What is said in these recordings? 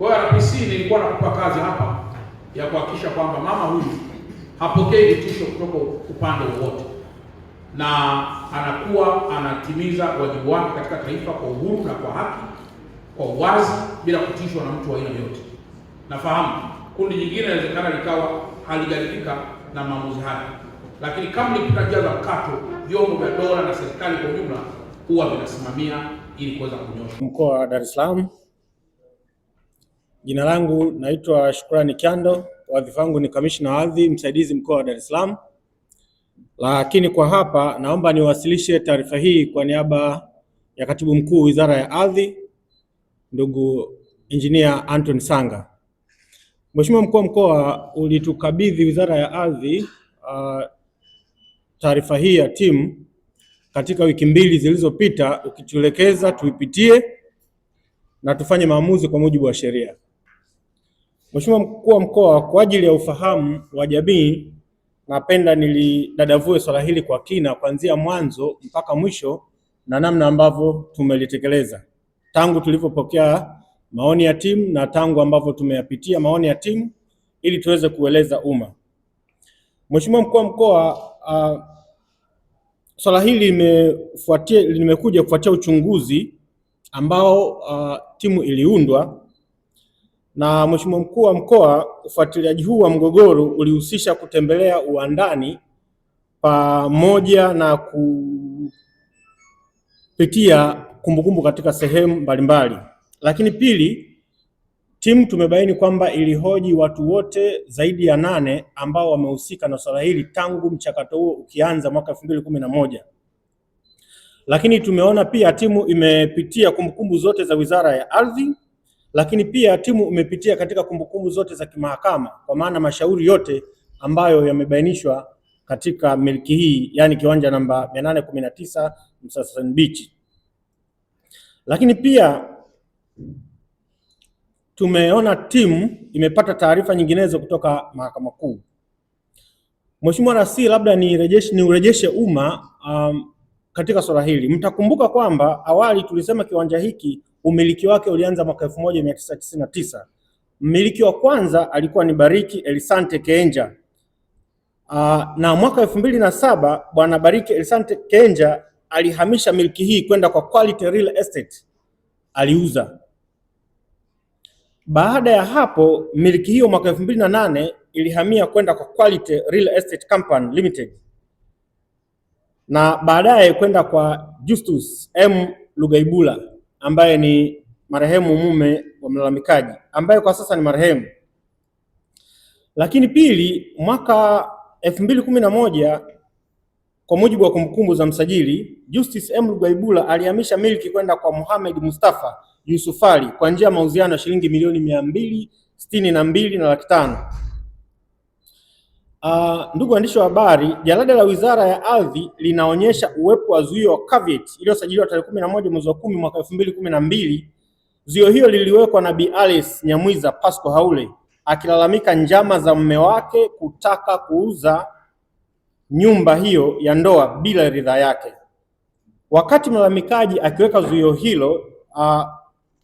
Kwa hiyo RPC nilikuwa nakupa kazi hapa ya kuhakikisha kwamba mama huyu hapokei vitisho kutoka upande wowote na anakuwa anatimiza wajibu wake katika taifa kwa uhuru na kwa haki, kwa uwazi, bila kutishwa na mtu wa aina yoyote. Nafahamu kundi jingine inawezekana likawa halijaridhika na maamuzi haya, lakini kama za mkato, vyombo vya dola na serikali kwa ujumla huwa vinasimamia ili kuweza kunyosha. Mkoa wa Dar es Salaam Jina langu naitwa Shukrani Kyando, wadhifa wangu ni kamishna wa ardhi msaidizi mkoa wa Dar es Salaam. Lakini kwa hapa naomba niwasilishe taarifa hii kwa niaba ya katibu mkuu Wizara ya Ardhi, ndugu Injinia Anton Sanga. Mheshimiwa mkuu wa mkoa, ulitukabidhi Wizara ya Ardhi uh, taarifa hii ya timu katika wiki mbili zilizopita, ukituelekeza tuipitie na tufanye maamuzi kwa mujibu wa sheria. Mheshimiwa Mkuu wa Mkoa, kwa ajili ya ufahamu wa jamii, napenda nilidadavue swala hili kwa kina kuanzia mwanzo mpaka mwisho na namna ambavyo tumelitekeleza tangu tulivyopokea maoni ya timu na tangu ambavyo tumeyapitia maoni ya timu ili tuweze kueleza umma. Mheshimiwa Mkuu wa Mkoa, uh, swala hili limekuja kufuatia uchunguzi ambao uh, timu iliundwa na Mheshimiwa Mkuu wa Mkoa, ufuatiliaji huu wa mgogoro ulihusisha kutembelea uwandani pamoja na kupitia kumbukumbu katika sehemu mbalimbali. Lakini pili, timu tumebaini kwamba ilihoji watu wote zaidi ya nane ambao wamehusika na swala hili tangu mchakato huo ukianza mwaka elfu mbili kumi na moja. Lakini tumeona pia timu imepitia kumbukumbu zote za Wizara ya Ardhi lakini pia timu imepitia katika kumbukumbu zote za kimahakama, kwa maana mashauri yote ambayo yamebainishwa katika miliki hii, yaani kiwanja namba 819 Msasa Beach. Lakini pia tumeona timu imepata taarifa nyinginezo kutoka mahakama kuu. Mheshimiwa Rais, labda nirejeshe ni urejeshe umma um, katika swala hili. Mtakumbuka kwamba awali tulisema kiwanja hiki umiliki wake ulianza mwaka 1999. Mmiliki wa kwanza alikuwa ni Bariki Elisante Kenja. Aa, ah, na mwaka elfu mbili na saba bwana Bariki Elisante Kenja alihamisha miliki hii kwenda kwa Quality Real Estate, aliuza. Baada ya hapo miliki hiyo mwaka elfu mbili na nane ilihamia kwenda kwa Quality Real Estate Company Limited na baadaye kwenda kwa Justus M Lugaibula ambaye ni marehemu mume wa mlalamikaji ambaye kwa sasa ni marehemu. Lakini pili, mwaka elfu mbili kumi na moja kwa mujibu wa kumbukumbu za msajili, Justus M Lugaibula alihamisha miliki kwenda kwa Mohamed Mustafa Yusufali kwa njia ya mauziano ya shilingi milioni mia mbili sitini na mbili na laki tano Uh, ndugu waandishi wa habari, jalada la Wizara ya Ardhi linaonyesha uwepo wa zuio wa caveat iliyosajiliwa tarehe kumi na moja mwezi wa kumi mwaka elfu mbili kumi na mbili. Zuio hiyo liliwekwa na Bi Alice Nyamwiza Pasco Haule akilalamika njama za mume wake kutaka kuuza nyumba hiyo ya ndoa bila ridhaa yake. Wakati mlalamikaji akiweka zuio hilo, uh,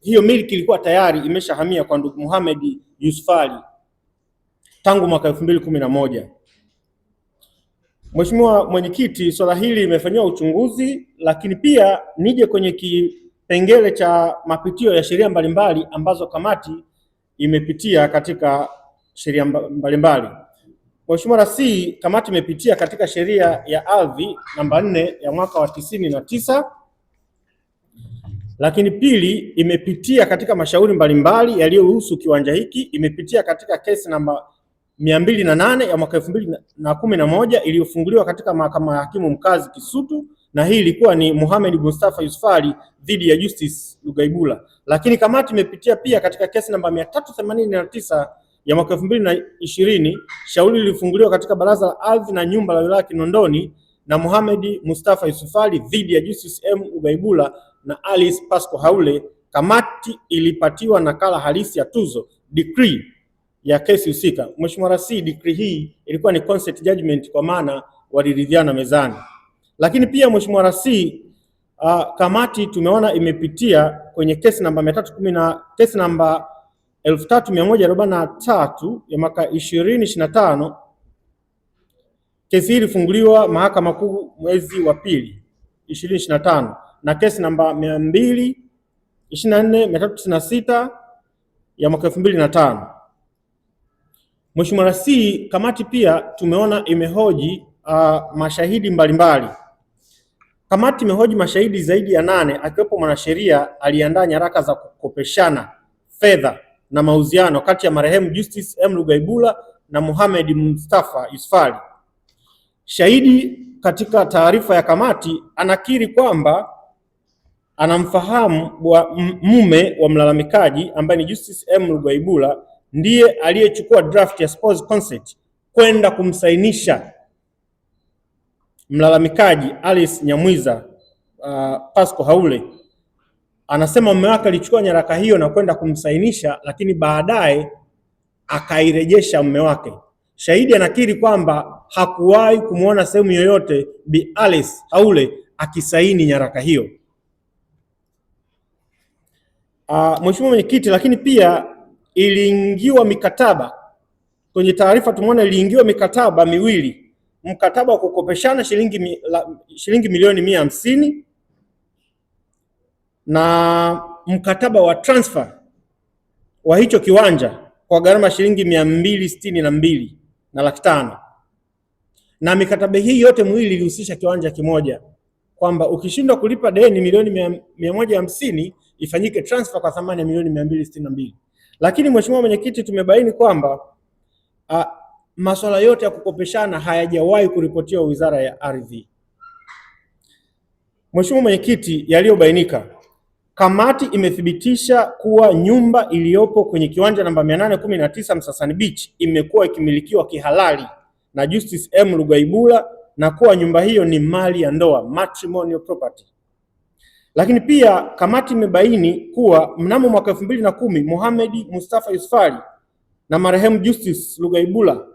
hiyo miliki ilikuwa tayari imeshahamia kwa ndugu Muhammad Yusufali tangu mwaka elfu mbili kumi na moja. Mheshimiwa Mwenyekiti, swala hili limefanyiwa uchunguzi, lakini pia nije kwenye kipengele cha mapitio ya sheria mbalimbali ambazo kamati imepitia katika sheria mbalimbali. Mheshimiwa rasi kamati imepitia katika sheria ya ardhi namba nne ya mwaka wa tisini na tisa, lakini pili imepitia katika mashauri mbalimbali yaliyohusu kiwanja hiki, imepitia katika kesi namba mia mbili na nane ya mwaka elfu mbili na kumi na moja iliyofunguliwa katika mahakama ya hakimu mkazi Kisutu, na hii ilikuwa ni Mohamed Mustafa Yusfari dhidi ya Justice Lugaibula. Lakini kamati imepitia pia katika kesi namba mia tatu themanini na tisa ya mwaka elfu mbili na ishirini shauri lilifunguliwa katika baraza la ardhi na nyumba la wilaya Kinondoni na Mohamed Mustafa Yusufali dhidi ya Justice M Ugaibula na Alice Pasco Haule. Kamati ilipatiwa nakala halisi ya tuzo decree ya kesi husika. Mheshimiwa Rasi, decree hii ilikuwa ni consent judgment kwa maana waliridhiana mezani, lakini pia Mheshimiwa Rasi uh, ah, kamati tumeona imepitia kwenye kesi namba 310 na kesi namba elfu ya mwaka 2025. Kesi hii ilifunguliwa mahakama kuu mwezi wa pili 2025 na kesi namba 224 mbili sita ya mwaka elfu Mheshimiwa Rais, kamati pia tumeona imehoji uh, mashahidi mbalimbali mbali. Kamati imehoji mashahidi zaidi ya nane akiwepo mwanasheria aliandaa nyaraka za kukopeshana fedha na mauziano kati ya marehemu Justice M. Lugaibula na Mohamed Mustafa Yusfali. Shahidi katika taarifa ya kamati anakiri kwamba anamfahamu wa mume wa mlalamikaji ambaye ni Justice M. Lugaibula ndiye aliyechukua draft ya Sports Consent kwenda kumsainisha mlalamikaji Alice Nyamwiza. Uh, Pasco Haule anasema mume wake alichukua nyaraka hiyo na kwenda kumsainisha, lakini baadaye akairejesha mume wake. Shahidi anakiri kwamba hakuwahi kumwona sehemu yoyote Bi Alice Haule akisaini nyaraka hiyo. Uh, Mheshimiwa Mwenyekiti, lakini pia iliingiwa mikataba kwenye taarifa, tumeona iliingiwa mikataba miwili, mkataba wa kukopeshana shilingi, shilingi milioni mia hamsini na mkataba wa transfer wa hicho kiwanja kwa gharama shilingi mia mbili sitini na mbili na laki tano na mikataba hii yote miwili ilihusisha kiwanja kimoja, kwamba ukishindwa kulipa deni milioni mia moja hamsini ifanyike transfer kwa thamani ya milioni mia mbili sitini na mbili. Lakini mheshimiwa mwenyekiti, tumebaini kwamba ah, masuala yote ya kukopeshana hayajawahi kuripotiwa Wizara ya Ardhi. Mheshimiwa mwenyekiti, yaliyobainika kamati imethibitisha kuwa nyumba iliyopo kwenye kiwanja namba 819 Msasani Beach imekuwa ikimilikiwa kihalali na Justice M Lugaibula na kuwa nyumba hiyo ni mali ya ndoa matrimonial property. Lakini pia kamati imebaini kuwa mnamo mwaka elfu mbili na kumi Mohamed Mustafa Yusufali na marehemu Justice Lugaibula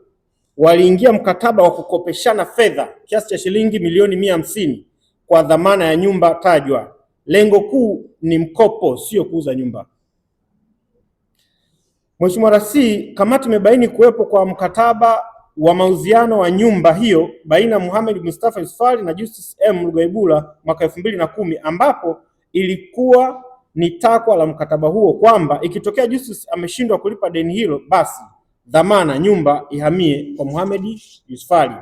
waliingia mkataba wa kukopeshana fedha kiasi cha shilingi milioni mia hamsini kwa dhamana ya nyumba tajwa. Lengo kuu ni mkopo, sio kuuza nyumba. Mheshimiwa Rais, kamati imebaini kuwepo kwa mkataba wa mauziano wa nyumba hiyo baina ya Mohamed Mustafa Yusufali na Justice M Rugaibula mwaka elfu mbili na kumi ambapo ilikuwa ni takwa la mkataba huo kwamba ikitokea Justice ameshindwa kulipa deni hilo, basi dhamana nyumba ihamie kwa Mohamed Yusufali.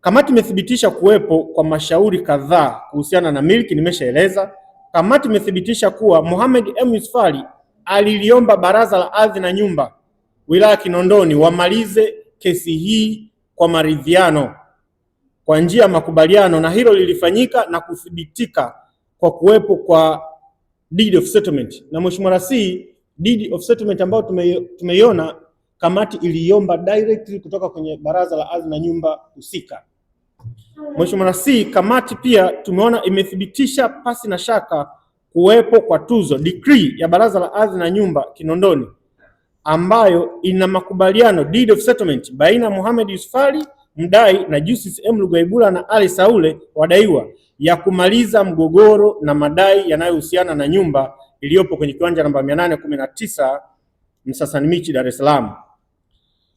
Kamati imethibitisha kuwepo kwa mashauri kadhaa kuhusiana na miliki, nimeshaeleza. Kamati imethibitisha kuwa Mohamed M Yusufali aliliomba Baraza la Ardhi na Nyumba wilaya Kinondoni wamalize kesi hii kwa maridhiano, kwa njia ya makubaliano, na hilo lilifanyika na kuthibitika kwa kuwepo kwa deed of settlement. Na Mheshimiwa Rais, deed of settlement ambayo tumeiona kamati iliomba directly kutoka kwenye baraza la ardhi na nyumba husika. Mheshimiwa rasi kamati pia tumeona imethibitisha pasi na shaka kuwepo kwa tuzo decree ya baraza la ardhi na nyumba Kinondoni ambayo ina makubaliano deed of settlement baina ya Mohamed Yusuf mdai na Justice M Lugaibula na Ali Saule wadaiwa ya kumaliza mgogoro na madai yanayohusiana na nyumba iliyopo kwenye kiwanja namba 819 Msasani Michi, Dar es Salaam.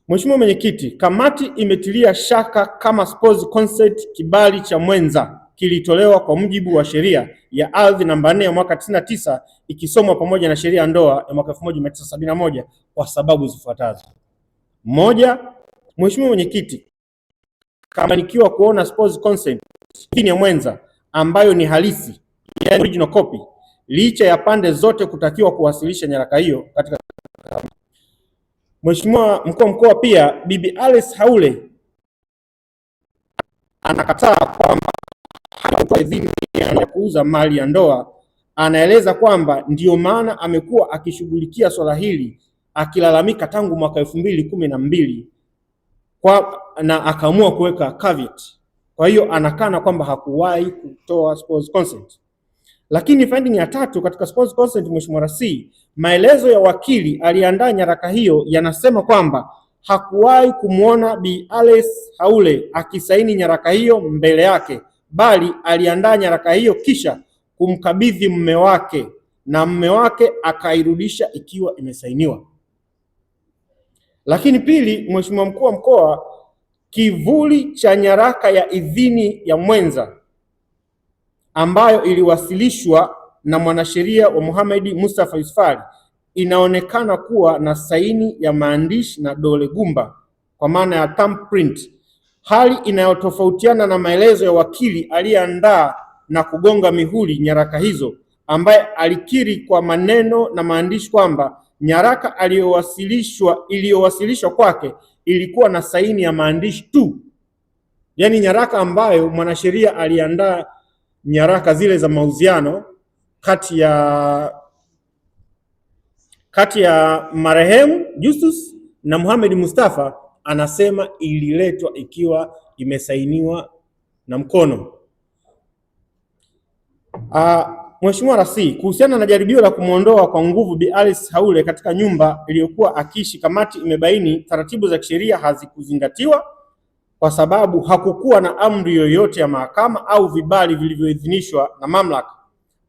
Mheshimiwa Mwenyekiti, kamati imetilia shaka kama Sports Concert kibali cha mwenza kilitolewa kwa mujibu wa sheria ya ardhi namba 4 ya mwaka 99 ikisomwa pamoja na sheria ya ndoa ya mwaka 1971 kwa sababu zifuatazo. Moja, Mheshimiwa Mwenyekiti, kamanikiwa kuona spouse consent ya mwenza ambayo ni halisi, yani original copy, licha ya pande zote kutakiwa kuwasilisha nyaraka hiyo katika. Mheshimiwa mkuu wa mkoa, pia Bibi Alice Haule anakataa kwamba vipi ya kuuza mali ya ndoa, anaeleza kwamba ndiyo maana amekuwa akishughulikia swala hili akilalamika tangu mwaka elfu mbili kumi na mbili kwa na akaamua kuweka caveat. Kwa hiyo anakana kwamba hakuwahi kutoa spouse consent. Lakini finding ya tatu katika spouse consent, Mheshimiwa Rasi, maelezo ya wakili aliandaa nyaraka hiyo yanasema kwamba hakuwahi kumwona Bi Alice Haule akisaini nyaraka hiyo mbele yake bali aliandaa nyaraka hiyo kisha kumkabidhi mme wake na mme wake akairudisha ikiwa imesainiwa. Lakini pili, Mheshimiwa Mkuu wa Mkoa, kivuli cha nyaraka ya idhini ya mwenza ambayo iliwasilishwa na mwanasheria wa Mohamed Mustafa Yusufali inaonekana kuwa na saini ya maandishi na dole gumba kwa maana ya thumbprint hali inayotofautiana na maelezo ya wakili aliyeandaa na kugonga mihuri nyaraka hizo, ambaye alikiri kwa maneno na maandishi kwamba nyaraka aliyowasilishwa iliyowasilishwa kwake ilikuwa na saini ya maandishi tu, yaani nyaraka ambayo mwanasheria aliandaa nyaraka zile za mauziano kati ya kati ya marehemu Justus na Mohamed Mustafa anasema ililetwa ikiwa imesainiwa na mkono. Ah, Mheshimiwa Rasi, kuhusiana na jaribio la kumwondoa kwa nguvu Bi Alice Haule katika nyumba iliyokuwa akiishi, kamati imebaini taratibu za kisheria hazikuzingatiwa kwa sababu hakukuwa na amri yoyote ya mahakama au vibali vilivyoidhinishwa na mamlaka.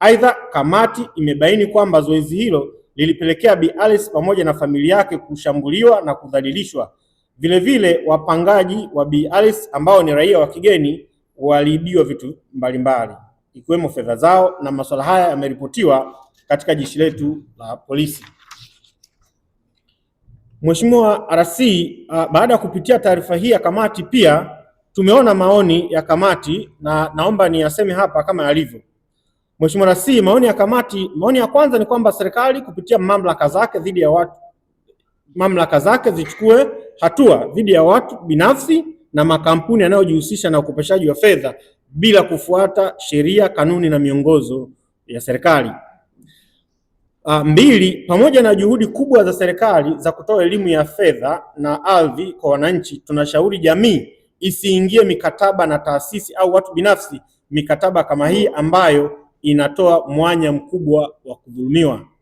Aidha, kamati imebaini kwamba zoezi hilo lilipelekea Bi Alice pamoja na familia yake kushambuliwa na kudhalilishwa Vilevile wapangaji wa Bi Alice ambao ni raia wa kigeni waliibiwa vitu mbalimbali ikiwemo fedha zao, na masuala haya yameripotiwa katika jeshi letu la polisi. Mheshimiwa RC, ah, baada ya kupitia taarifa hii ya kamati, pia tumeona maoni ya kamati na naomba niyaseme hapa kama yalivyo. Mheshimiwa RC, maoni ya kamati, maoni ya kwanza ni kwamba serikali kupitia mamlaka zake dhidi ya watu mamlaka zake zichukue hatua dhidi ya watu binafsi na makampuni yanayojihusisha na ukopeshaji wa fedha bila kufuata sheria, kanuni na miongozo ya serikali. Uh, mbili, pamoja na juhudi kubwa za serikali za kutoa elimu ya fedha na ardhi kwa wananchi, tunashauri jamii isiingie mikataba na taasisi au watu binafsi mikataba kama hii ambayo inatoa mwanya mkubwa wa kudhulumiwa.